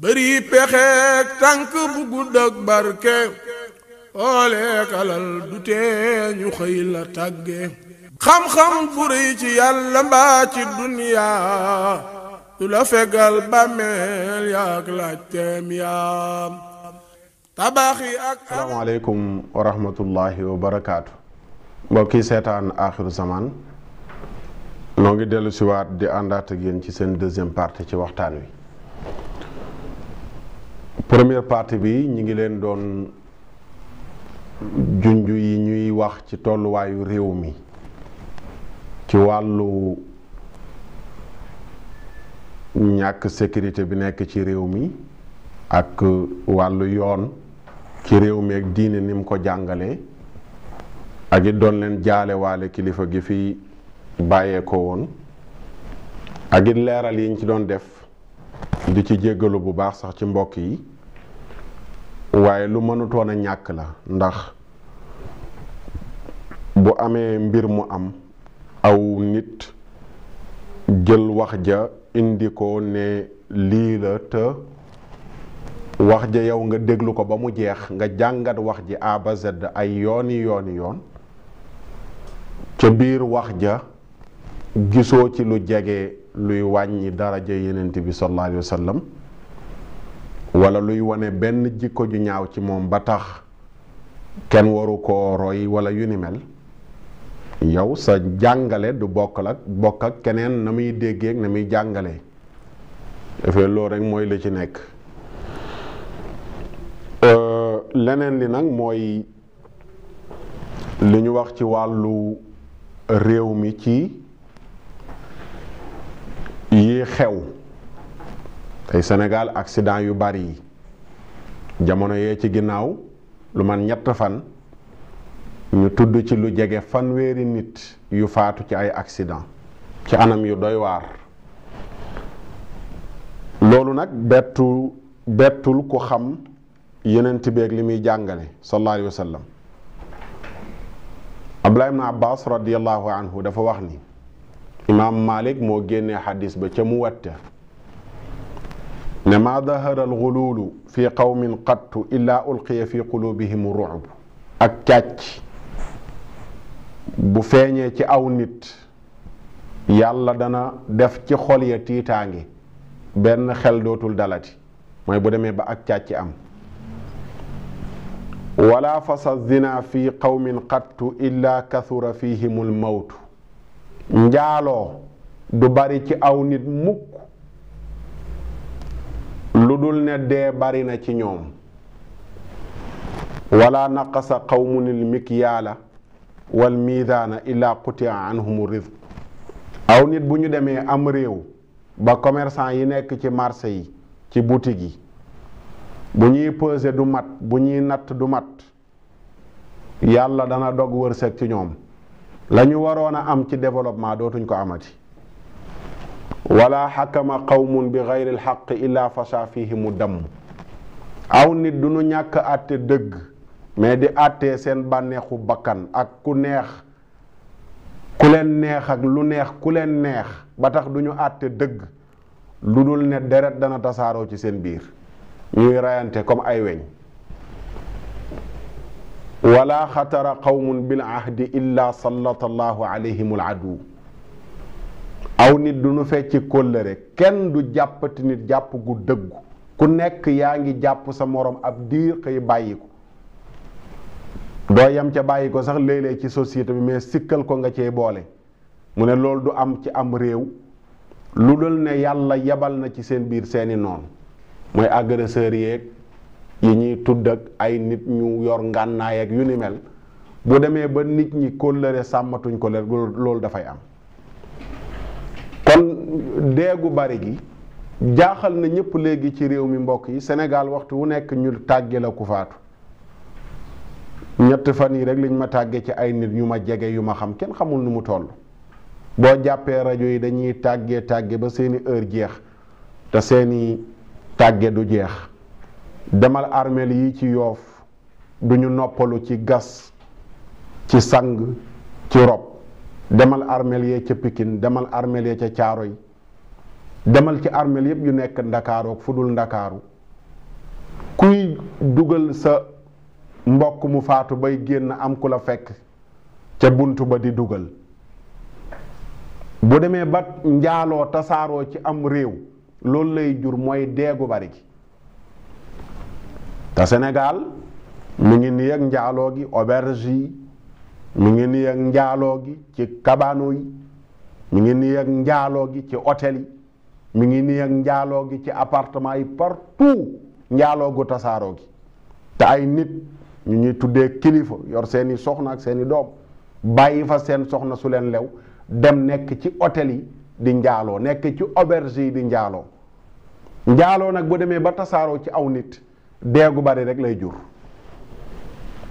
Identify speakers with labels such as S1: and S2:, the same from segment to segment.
S1: bëri pexeek tànk bu gudd ak barke xooleek alal du tee ñu xëy la tàgge xam-xam bu rëy ci yàlla mbaa ci duniyaa du la fegal bàmmeel yaak laajteem yaam tabaxi ak salaamaaleykum wa rahmatullahi wa barakaatu mbokki seetaan aaxiru zaman noo ngi dellu siwaat di àndaat ak yéen ci seen deuxième partie ci waxtaan wi première partie bi ñi ngi leen doon junj yi ñuy wax ci tolluwaayu réew mi ci wàllu ñàkk sécurité bi nekk ci réew mi ak wàllu yoon ci réew mi ak diine ni mu ko jàngalee ak it doon leen jaalewaale kilifa gi fi bàyyee ko woon ak it leeral yiñ ci doon def di ci jéggalu bu baax sax ci mbokk yi waaye lu mënatoon a ñàkk la ndax bu amee mbir mu am aw nit jël wax ja indi ko ne lii la te wax ja yow nga déglu ko ba mu jeex nga jàngat wax ji A ba ay yooni yooni yoon ca biir wax ja gisoo ci lu jege luy wàññi daraja yenent bi sallallahu alayhi walla luy wane benn jikko ju ñaaw ci moom ba tax kenn waru koo roy wala yu ni mel yow sa jàngale du bokk ak bokk ak keneen na muy déggee ak na muy jàngalee dafay loolu rek mooy la ci nekk euh, leneen li nag mooy li ñu wax ci wàllu réew mi ci yi xew tey Sénégal accident yu bari yi jamono yee ci ginnaaw lu man ñett fan ñu tudd ci lu jege fanweeri nit yu faatu ci ay accident ci anam yu doy waar loolu nag bettu bettul ku xam yeneen beeg li muy jàngale sallallahu alayhi wa sallam Abdullah ibn dafa wax ni imaam Malik moo génnee xadis ba ca mu watta ne maa dahara alxuluulu fi qawmin qattu illaa ulqiya fi quluubihim ruub ak càcc bu feeñee ci aw nit yàlla dana def ci xol ya benn xel dootul dalati mooy bu demee ba ak càcc am wala fasa zina fi qawmin qattu illaa kathura fihimul mawtu njaaloo du bari ci aw nit mukk lu dul ne dee bari na ci ñoom wala naqasa qawmunil mikyaala wal miidaana illa qutia anhumu rizq aw nit bu ñu demee am réew ba commerçant yi nekk ci marché yi ci boutique yi bu ñuy pose du mat bu ñuy natt du mat yàlla dana dog wërsëg ci ñoom la ñu waroon a am ci développement dootuñ ko amati ولا حكم قوم بغير الحق الا فسا فيهم دم او نيت دونو نياك اتي دغ مي دي اتي سن بانيخو بكان اك كو نيه كولن نيه اك لو نيه كولن نيه با تخ دونو اتي دغ لودول ني ديرت دانا تسارو سي سن بير ني رايانتي كوم اي وين ولا خطر قوم بالعهد الا سلط الله عليهم العدو aw nit du nu fecci kóllëre kenn du jàppati nit jàpp gu dëggu ku nekk yaa ngi jàpp sa moroom ab diir xëy bàyyi ko doo yem ca bàyyi ko sax léeg ci société bi mais sikkal ko nga cee boole mu ne lool du am ci am réew lu dal ne yàlla yebal na ci seen biir seeni noonu mooy agresseurs yeeg yi ñuy tudd ak ay nit ñu yor ngànnaay ak yu ni mel bu demee ba nit ñi kóllëre sàmmatuñ ko loolu dafay am kon deegu bari gi jaaxal na ñëpp léegi ci réew mi mbokk yi senegaal waxtu wu nekk ñu tàgge la ku ñett fan yi rek liñ ma tàggee ci ay nit yu ma jege yu ma xam kenn xamul nu mu toll boo jàppee rajo yi dañuy tàggee tàgge ba seeni heure jeex te seeni tàgge du jeex demal armeel yi ci yoof duñu noppalu ci gas ci sang ci rob demal armeel yee ca pikin demal armeel yee ca caaro Caaroy demal ci armeel yépp yu nekk Ndakaaru fu dul Ndakaaru kuy dugal sa mbokk mu faatu bay génn am ku la fekk ca bunt ba di dugal bu demee ba njaaloo tasaaroo ci am réew loolu lay jur mooy deegu bari gi te Sénégal mu ngi nii ak njaaloo gi auberge mi ngi ni ak njaaloo gi ci kabaano yi mi ngi ni ak njaaloo gi ci hôtel yi mi ngi ni ak njaaloo gi ci appartement yi partout njaaloo gu tasaaroo gi te ay nit ñu ñuy tuddee kilifa yor seen i soxna ak seen i doom bàyyi fa seen soxna su leen lew dem nekk ci hôtel yi di njaaloo nekk ci auberge yi di njaaloo njaaloo nag bu demee ba tasaaroo ci aw nit deegu bari rek lay jur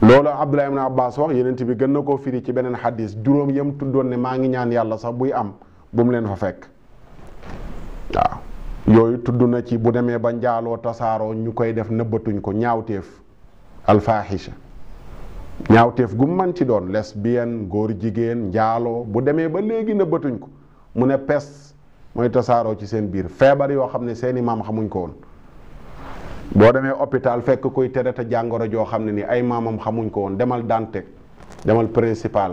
S1: loolu Abdullah ibn Abbas wax yenent bi gën na koo firi ci beneen xadis juróom yam tuddoon ne maa ngi ñaan yàlla sax buy am bu mu leen fa fekk waaw yooyu tudd na ci bu demee ba njaaloo tasaaroo ñu koy def nëbbatuñ ko ñaawteef alfaaxisha ñaawteef gu man ci doon lesbienne góor jigéen njaaloo bu demee ba léegi nëbbatuñ ko mu ne pes mooy tasaaroo ci seen biir feebar yoo xam ne seeni maam xamuñ ko woon boo demee hôpital fekk kuy tereta jàngoro joo xam ne ni ay maamam xamuñ ko woon demal dante demal principal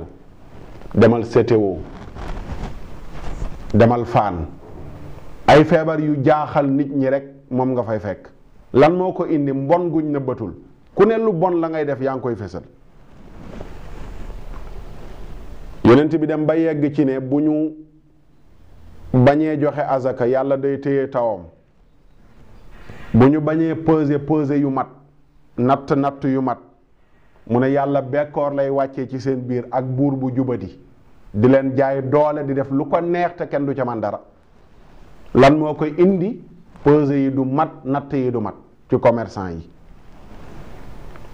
S1: demal CTO demal Fann ay feebar yu jaaxal nit ñi rek moom nga fay fekk lan moo ko indi mbon guñ nëbbatul ku ne lu bon la ngay def yaa ngi koy fésal yonent bi dem ba yegg ci ne bu ñu bañee joxe azaka yàlla day téye tawam bu ñu bañee peser pose yu mat natt natt yu mat mu ne yàlla bekkoor lay wàccee ci seen biir ak buur bu jubadi di leen jaay doole di def lu ko neex te kenn du ca man dara lan moo koy indi pose yi du mat natt yi du mat ci commerçant yi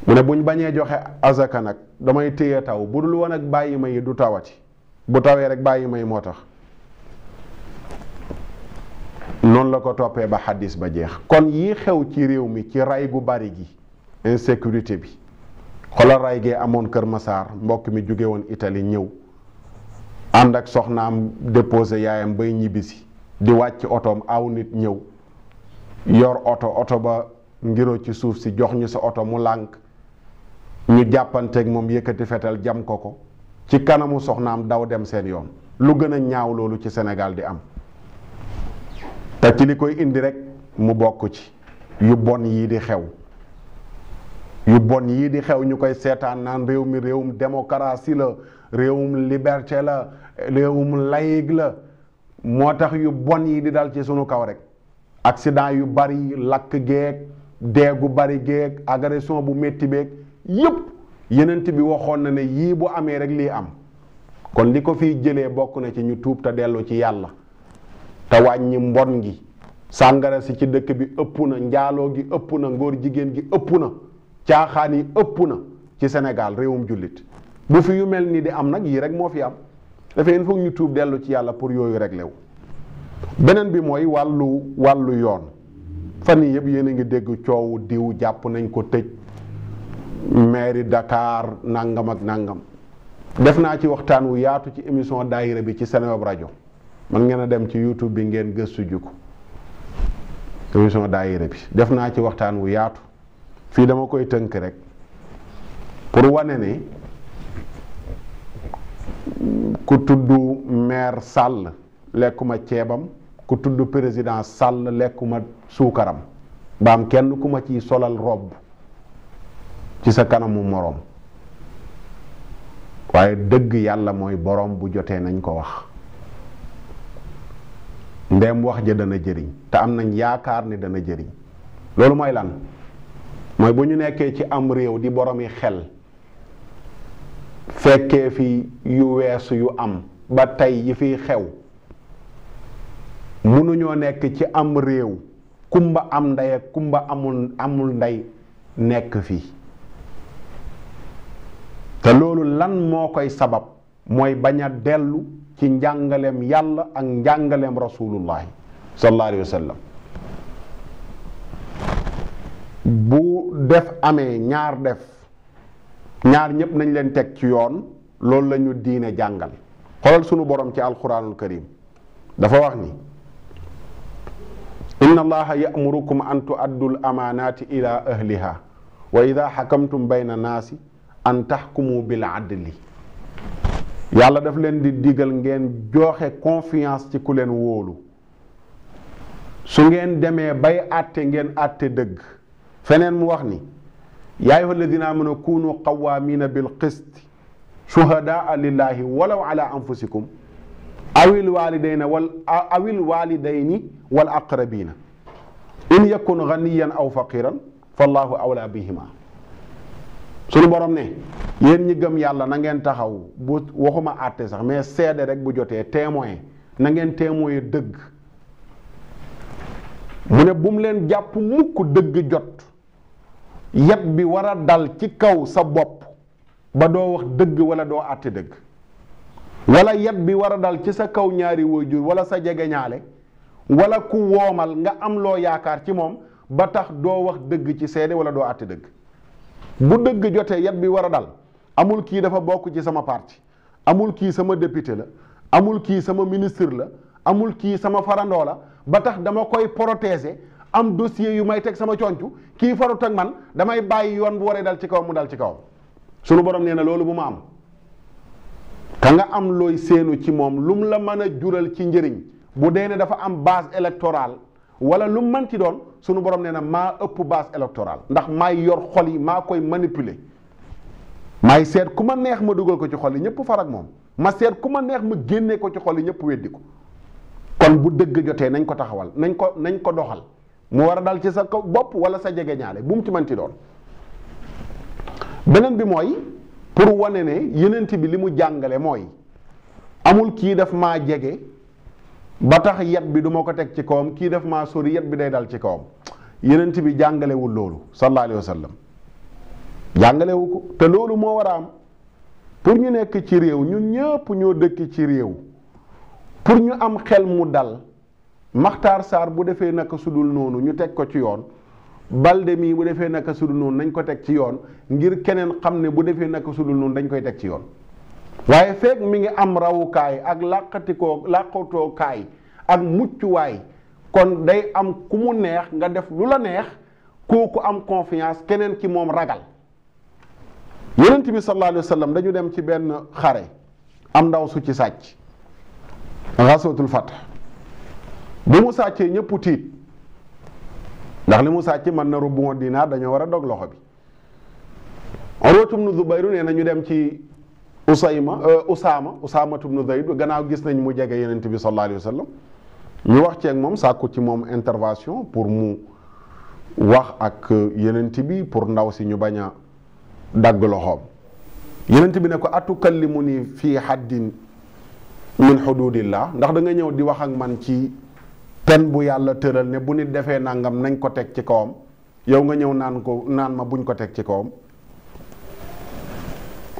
S1: mu ne buñ bañee joxe azaka nag damay téye taw bu dul woon ak bàyyi ma yi du tawati bu tawee rek bàyyi ma yi moo tax noonu la ko toppee ba xaddis ba jeex kon yi xew ci réew mi ci ray gu bari gi insécurité bi xoolal ray gee amoon Kër Masaar mbokk mi jóge woon Italie ñëw ànd ak soxnaam déposé yaayam bay ñibbisi di wàcc otoom aw nit ñëw yor oto oto ba ngiro ci suuf si jox ñu sa oto mu lànk ñu jàppanteek moom yëkkati fetal jam ko ko ci kanamu soxnaam daw dem seen yoon lu gën a ñaaw loolu ci senegal di am te ci li koy indi rek mu bokk ci yu bon yii di xew yu bon yii di xew ñu koy seetaan naan réew mi réewum démocratie la réewum liberté la réewum laïc la moo tax yu bon yi di dal ci sunu kaw rek accident yu bari lakk geeg deegu bari geeg agression bu métti beeg yépp yenent bi waxoon na ne yii bu amee rek lii am kon li ko fiy jëlee bokk na ci ñu tuub te delloo ci yàlla te wàññi mbon gi sàngara si ci dëkk bi ëpp na njaaloo gi ëpp na ngóor jigéen gi ëpp na caaxaan yi ëpp na ci senegal réewum jullit bu fi yu mel ni di am nag yii rek moo fi am dafay il faut ñu tuub dellu ci yàlla pour yooyu rek lew beneen bi mooy wàllu wàllu yoon fan yii yëpp yéen a ngi dégg coowu diw jàpp nañ ko tëj mairie dakaar nangam ak nangam def naa ci waxtaan wu yaatu ci émission daayira bi ci Seneweb rajo man ngeen a dem ci youtube bi ngeen gëstu jukku émission daayira bi def naa ci waxtaan wu yaatu fii dama koy tënk rek pour wane ni ku tudd maire Sall lekkuma ceebam ku tudd président sàll lekkuma suukaram baam kenn ku ma ciy solal robb ci sa kanamu moroom waaye dëgg yàlla mooy boroom bu jotee nañ ko wax ndem wax ja dana jëriñ te am nañ yaakar ni dana jëriñ lolou moy lan moy buñu nekké ci am rew di boromi xel fekke fi yu weesu yu am ba tay yi fi xew munuñoo nekk ci am rew kumba am ndey ak kumba amul amul nday nekk fi te lolou lan mo koy sabab moy baña delu ci njàngaleem yàlla ak njàngaleem rasulullahi sallallahu alayhi wa sallam bu def amee ñaar def ñaar ñëpp nañ leen teg ci yoon loolu lañu ñu diine jàngal xoolal sunu borom ci alquranul karim dafa wax ni inna allaha yamurukum an tuaddul amaanaati ila ahliha wa ida xakamtum bayna naasi an taxkumu bil adli yàlla daf leen di digal ngeen joxe confiance ci ku leen wóolu su ngeen demee bay àtte ngeen àtte dëgg feneen mu wax ni yaa ayyuha alladina amanu kunu qawamina bil qist shuhadaa lillahi walaw ala anfusikum awil walidayna wal awil walidayni wal aqrabina in yakun ganiyan aw faqiran fallahu awla bihima suñu borom ne yéen ñi gëm yàlla na ngeen taxaw bu waxuma àtte sax mais seede rekk bu jotee témoin na ngeen témoin dëgg mu ne bu mu leen jàpp mukk dëgg jot yet bi war dal ci kaw sa bopp ba doo wax dëgg wala doo àtte dëgg wala yet bi war a dal ci sa kaw ñaari waajur wala sa jegeñaale walla ku woomal nga am loo yaakaar ci moom ba tax doo wax dëgg ci seede wala doo àtte dëgg bu dëgg jotee yat bi war a dal amul kii dafa bokk ci sama parti amul kii sama député la amul kii sama ministre la amul kii sama farandoo la ba tax dama koy protéger am dossier yu may teg sama concu kii farut ak man damay bàyyi yoon bu waree dal ci kaw mu dal ci kaw sunu borom nee na loolu bu ma am ka nga am looy séenu ci moom lum la mën a jural ci njëriñ bu dee ne dafa am base électorale wala lu manti doon suñu borom neena ma maa ëpp base électorale ndax may yor xol yi ma koy manipuler may seet kuma neex ma duggal ko ci xol yi ñepp far ak moom ma seet kuma neex ma génnee ko ci xol yi ñepp weddi ko kon bu dëgg jotee nañ ko taxawal nañ ko nañ ko doxal mu wara dal ci sa bop wala sa jégué ñaale bu mu ci manti doon benen bi moy pour wane ne yenent bi limu mu moy amul ki def ma jégué ba tax yet bi duma ko teg ci kawam kii def maa sori yet bi day dal ci kawam yenent bi jàngalewul loolu sallallahu alayhi wa jàngalewu ko te loolu moo war a am pour ñu nekk ci réew ñu ñëpp ñoo dëkk ci réew pour ñu am xel mu dal maxtaar saar bu defee naka sudul noonu ñu teg ko ci yoon balde mii bu defee naka sudul noonu nañ ko teg ci yoon ngir keneen xam ne bu defee naka sudul noonu dañ koy teg ci yoon waaye feeg mu ngi am rawukaay ak làqatikoo làqatookaay ak muccuwaay kon day am ku mu neex nga def lu la neex kooku am confiance keneen ki moom ragal yonent bi sallallahu alayhi dañu dem ci benn xare am ndaw su ci sàcc rasotul fath bu mu sàccee ñëpp tiit ndax li mu sàcc mën na rubbu woon dinaar dañoo war a dog loxo bi Urwatum nu Zubayru nee na ñu dem ci Usayma euh, Usaama Usaama ibnu Zayd gannaaw gis nañ mu jege Yonent bi sallallahu alayhi wa sallam ñu wax ceeg moom sàkku ci moom intervention pour mu wax ak Yonent bi pour ndaw si ñu bañ a dagg loxoom Yonent bi ne ko li mu ni fii haddin min hududillah ndax da ñëw di wax ak man ci pen bu yàlla tëral ne bu nit defee nangam nañ ko teg ci kawam yow nga ñëw naan ko naan ma buñ ko teg ci kawam.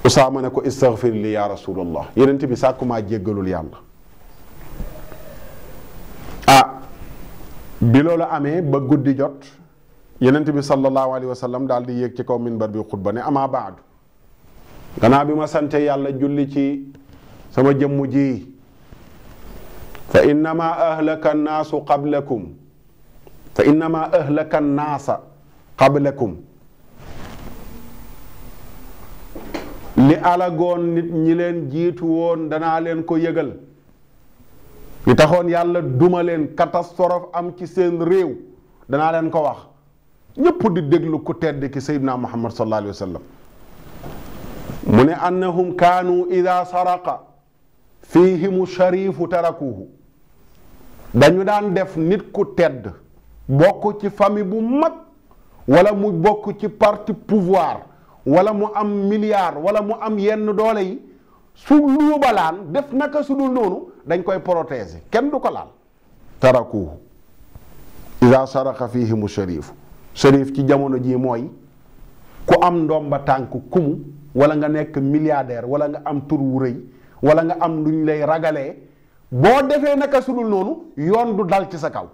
S1: Usaama ne ko istaghfir li ya rasulallah yonent bi sàkkumaa jéggalul yàlla ah bi loolu amee ba guddi jot yonent bi sallallahu alayhi wa daal di yéeg ci kaw minbar bi xutba ne ama baadu gannaaw bi ma sante yàlla julli ci sama jëmm ji fa innama ahlaka naasu qablakum fa innama naasa qablakum li alagoon nit ñi leen jiitu woon danaa leen ko yëgal li taxoon yàlla duma leen katastorof am ci seen réew danaa leen ko wax ñépp di déglu ku tedd ki sayyidina muhammad sallallahu alayhi sallam mu ne annahum kaanu ida saraqa fihimu sharifu tarakuhu dañu daan def nit ku tedd bokk ci famille bu mag wala mu bokk ci parti pouvoir wala mu am milliard wala mu am yenn doole yi su luubalaan def naka su dul noonu dañ koy protéger kenn du ko laal tarakuhu ida saraxa fihimu sharifu sharif ci jamono ji mooy ku am ndomba tànk kumu wala nga nekk milliardaire wala nga am tur wu rëy wala nga am luñ lay ragalee boo defee naka su dul noonu yoon du dal ci sa kaw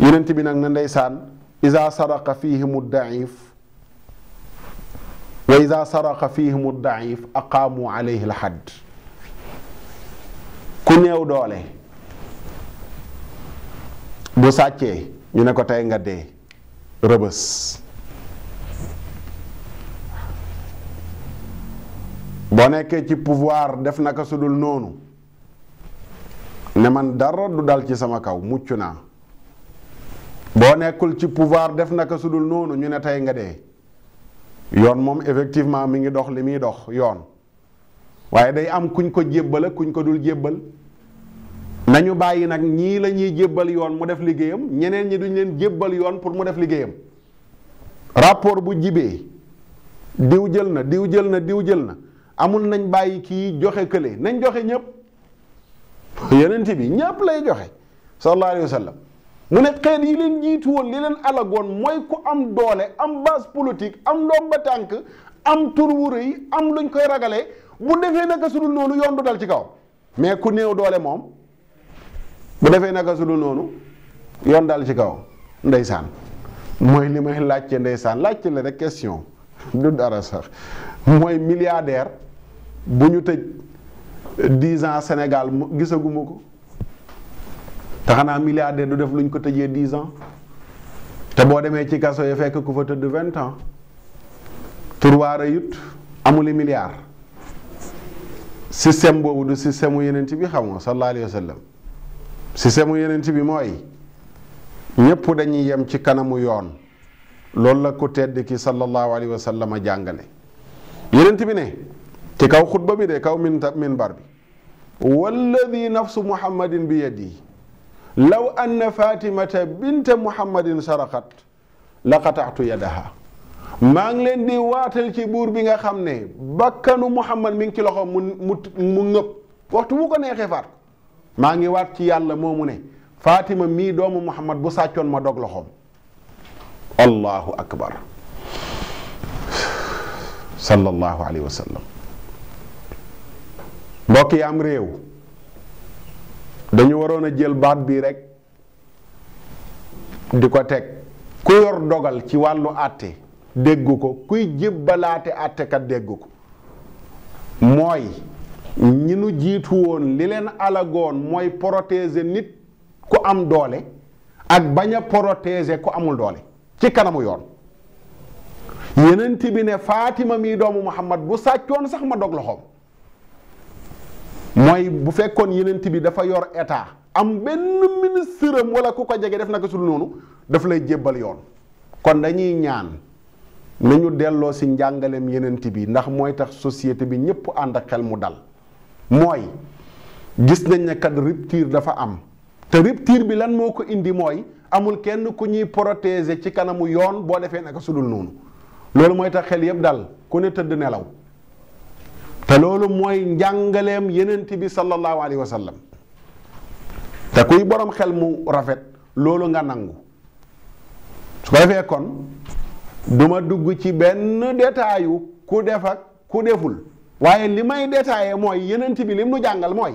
S1: yonent bi nag na ndeysaan ida saraqa fihimu daif wa ida saraqa fihim daif aqaamu la xadd ku néew doole bu sàccee ñu ne ko tey nga dee rëbës boo nekkee ci pouvoir def naka su dul noonu ne man dara du dal ci sama kaw mucc naa boo nekkul ci pouvoir def naka su dul noonu ñu ne tey nga dee yoon moom effectivement mi ngi dox li muy dox yoon waaye day am kuñ ko jébbal kuñ ko dul jébbal nañu bàyyi nag ñii lañuy jébbal yoon mu def liggéeyam ñeneen ñi duñ leen jébbal yoon pour mu def liggéeyam rapport bu jibee diw jël na diw jël na diw jël na amul nañ bàyyi kii joxe kële nañ joxe ñëpp yeneen bi ñëpp lay joxe sallallahu alayhi wa sallam mu ne xeet yi leen njiitu woon li leen alagoon mooy ku am doole am base politique am ndoom tànk am tur wu rëy am luñ koy ragale bu defee naka sudul noonu yoon du dal ci kaw mais ku néew doole moom bu defee naka sudul noonu yoon dal ci kaw ndeysaan mooy li may laajte ndeysaan laajte la rek question du dara sax mooy milliardaire bu ñu tëj dix ans Sénégal gisaguma ko te xanaa milliardaire du def luñ ko tëjee 10 ans te boo demee ci kaso yi fekk ku fa tëdd vingt ans turwaara yut amuli milliard système boobu du système mu yeneen bi xam nga sallallahu alayhi wa sallam système mu yeneen bi mooy ñëpp dañuy yem ci kanamu yoon loolu la ko tedd ki sallallahu alayhi wa sallam a jàngale yeneen bi ne ci kaw xutba bi de kaw min minbar bi walladi nafsu muhammadin bi yadihi لو أن فاطمة بنت محمد سرقت لقطعت يدها ما نلين دي واتل كبور بيغا خامني بكنو محمد من كي لخو مونغب وقت موكو ني خفار ما نغي وات كي يالا مومني فاطمة مي دوم محمد بو ساتيون ما دوغ الله أكبر صلى الله عليه وسلم بقي أمريو dañu waroon a jël baat bi rek di ko teg ku yor dogal ci wàllu atte déggu ko kuy jibbalaate atte kat déggu ko mooy ñi nu jiitu woon li leen alagoon mooy protégé nit ku am doole ak bañ a protégé ku amul doole ci kanamu yoon yenent bi ne fatima mii doomu mouhammad bu sàccoon sax ma dog loxoom mooy bu fekkoon yenent bi dafa yor état am benn ministre am wala ku ko jege def naka sul noonu daf lay jébbal yoon kon dañuy ñaan nañu delloo si njàngaleem yenent bi ndax mooy tax société bi ñépp ànd ak xel mu dal mooy gis nañ ne kat rupture dafa am te rupture bi lan moo ko indi mooy amul kenn ku ñuy protéger ci kanamu yoon boo defee naka sudul noonu loolu mooy tax xel yépp dal ku ne tëdd nelaw te loolu mooy njàngaleem yenent bi sallallahu alayhi wa sallam te kuy boroom xel mu rafet loolu nga nangu su ko defee kon du ma dugg ci benn détaayu ku def ku deful waaye li may détaillé mooy yenent bi lim nu jàngal mooy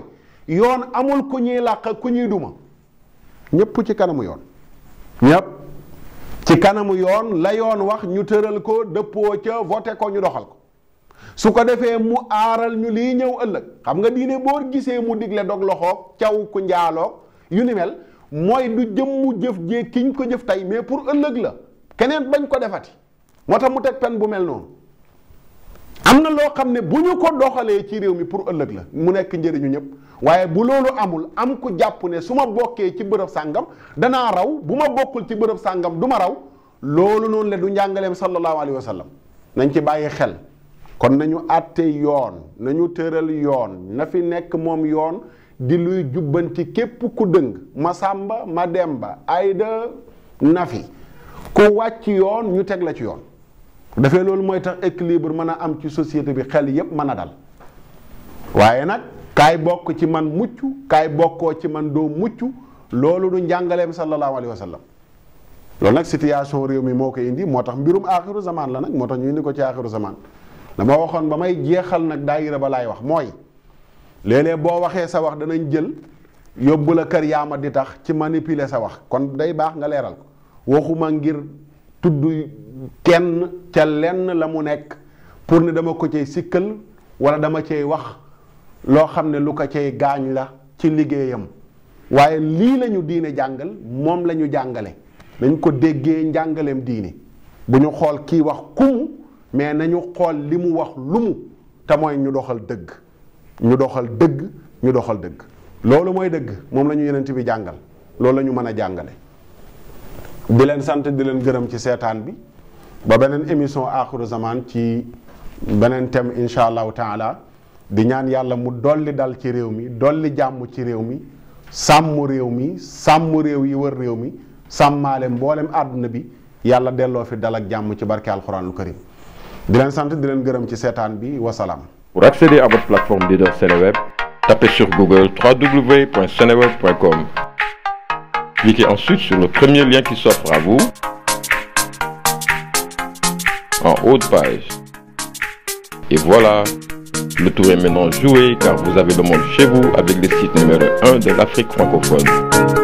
S1: yoon amul ku ñuy làq ku ñuy duma ñëpp ci kanamu yoon ñëpp ci kanamu yoon la yoon wax ñu tëral ko dëppoo ca voté ko ñu doxal ko su ko defee mu aaral ñu lii ñëw ëllëg xam nga diine boo gisee mu digle dog loxoog caw ku njaaloog yu ni mel mooy du jëmmu jëf jee ñu ko jëf tey mais pour ëllëg la keneen bañ ko defati moo tax mu teg pen bu mel noonu am na loo xam ne bu ñu ko doxalee ci réew mi pour ëllëg la mu nekk njëriñu ñëpp waaye bu loolu amul am ku jàpp ne su ma bokkee ci bërëb sàngam danaa raw bu ma bokkul ci bërëb sàngam du ma raw loolu noonu le du njàngaleem sallallahu alayhi wa sallam nañ ci bàyyi xel kon nañu àtte yoon nañu tëral yoon na fi nekk moom yoon di luy jubbanti képp ku dëng ma sàmba ma demba ayda nafi ku wàcc yoon ñu teg la ci yoon dafay loolu mooy tax équilibre mën a am ci société bi xel yépp mën a dal waaye nag kaay bokk ci man mucc kaay bokkoo ci man doo mucc loolu du njàngaleem sallallahu alayhi wa sallam loolu nag situation réew mi moo koy indi moo tax mbirum aaxiru zaman la nag moo tax ñu indi ko ci aaxiru zaman dama waxoon ba may jeexal nag daayira ba laay wax mooy léeg-léeg boo waxee sa wax danañ jël yóbbu la kër yaama di tax ci manipuler sa wax kon day baax nga leeral ko waxuma ngir tudd kenn ca lenn la mu nekk pour ne dama ko ci sikkal wala dama cay wax loo xam ne lu ko cay gaañ la ci liggéeyam waaye lii lañu diine jàngal moom lañu jàngale dañ ko déggee njàngaleem diine bu ñu xool kii wax kumu mais nañu xool li mu wax lu mu te mooy ñu doxal dëgg ñu doxal dëgg ñu doxal dëgg loolu mooy dëgg moom la ñu yonent bi jàngal loolu la ñu mën a jàngale di leen sant di leen gërëm ci seetaan bi ba beneen émission akhiru zaman ci beneen thème incha allahu taala di ñaan yàlla mu dolli dal ci réew mi dolli jàmm ci réew mi sàmm réew mi sàmm réew yi wër réew mi sàmmaale mboolem àdduna bi yàlla delloo fi dal ak jàmm ci barke alxuraanul karim Pour accéder à votre plateforme de Seneweb, tapez sur Google www.seneweb.com. Cliquez ensuite sur le premier lien qui s'offre à vous en haut de page. Et voilà, le tour est maintenant joué car vous avez le monde chez vous avec le site numéro 1 de l'Afrique francophone.